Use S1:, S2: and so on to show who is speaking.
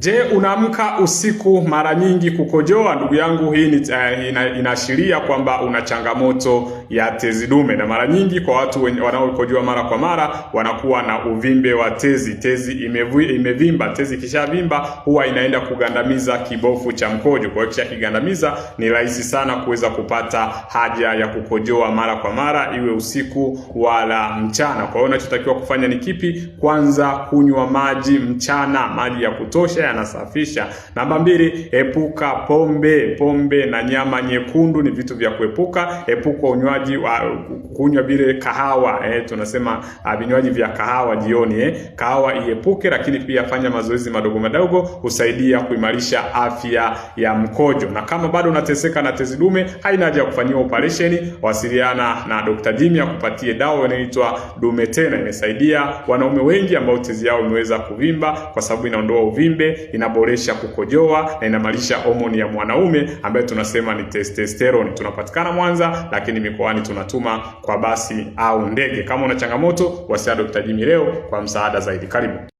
S1: Je, unaamka usiku mara nyingi kukojoa? Ndugu yangu, hii uh, inaashiria kwamba una changamoto ya tezi dume, na mara nyingi kwa watu wanaokojoa mara kwa mara wanakuwa na uvimbe wa tezi. Tezi imevimba, tezi ikishavimba huwa inaenda kugandamiza kibofu cha mkojo. Kwa hiyo kigandamiza, ni rahisi sana kuweza kupata haja ya kukojoa mara kwa mara, iwe usiku wala mchana. Kwa hiyo unachotakiwa kufanya ni kipi? Kwanza kunywa maji mchana, maji ya kutosha anasafisha. Namba mbili, epuka pombe. Pombe na nyama nyekundu ni vitu vya kuepuka. Epuka unywaji wa kunywa bile kahawa eh, tunasema ah, vinywaji vya kahawa jioni eh. Kahawa iepuke, lakini pia fanya mazoezi madogo madogo, husaidia kuimarisha afya ya mkojo. Na kama bado unateseka na tezi dume, haina haja ya kufanyiwa operation, Wasiliana na Dr. Jimmy akupatie dawa inaitwa Dume Tena. Imesaidia wanaume wengi ambao tezi yao imeweza kuvimba, kwa sababu inaondoa uvimbe inaboresha kukojoa na inamalisha homoni ya mwanaume ambayo tunasema ni testosterone. Tunapatikana Mwanza, lakini mikoani tunatuma kwa basi au ndege. Kama una changamoto, wasiliana Dr. Jimmy leo kwa msaada zaidi. Karibu.